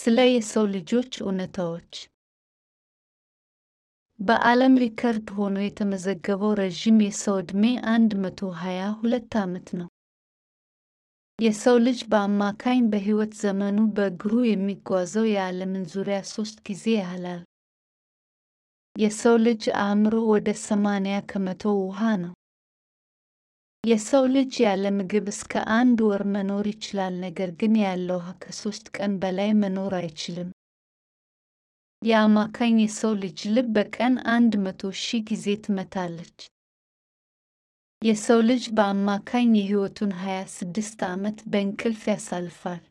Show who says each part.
Speaker 1: ስለ የሰው ልጆች እውነታዎች በዓለም ሪከርድ ሆኖ የተመዘገበው ረዥም የሰው ዕድሜ 122 ዓመት ነው። የሰው ልጅ በአማካኝ በሕይወት ዘመኑ በእግሩ የሚጓዘው የዓለምን ዙሪያ ሦስት ጊዜ ያህላል። የሰው ልጅ አእምሮ ወደ ሰማንያ ከመቶ ውሃ ነው። የሰው ልጅ ያለ ምግብ እስከ አንድ ወር መኖር ይችላል። ነገር ግን ያለው ከሶስት ቀን በላይ መኖር አይችልም። የአማካኝ የሰው ልጅ ልብ በቀን አንድ መቶ ሺህ ጊዜ ትመታለች። የሰው ልጅ በአማካኝ የሕይወቱን 26 ዓመት በእንቅልፍ ያሳልፋል።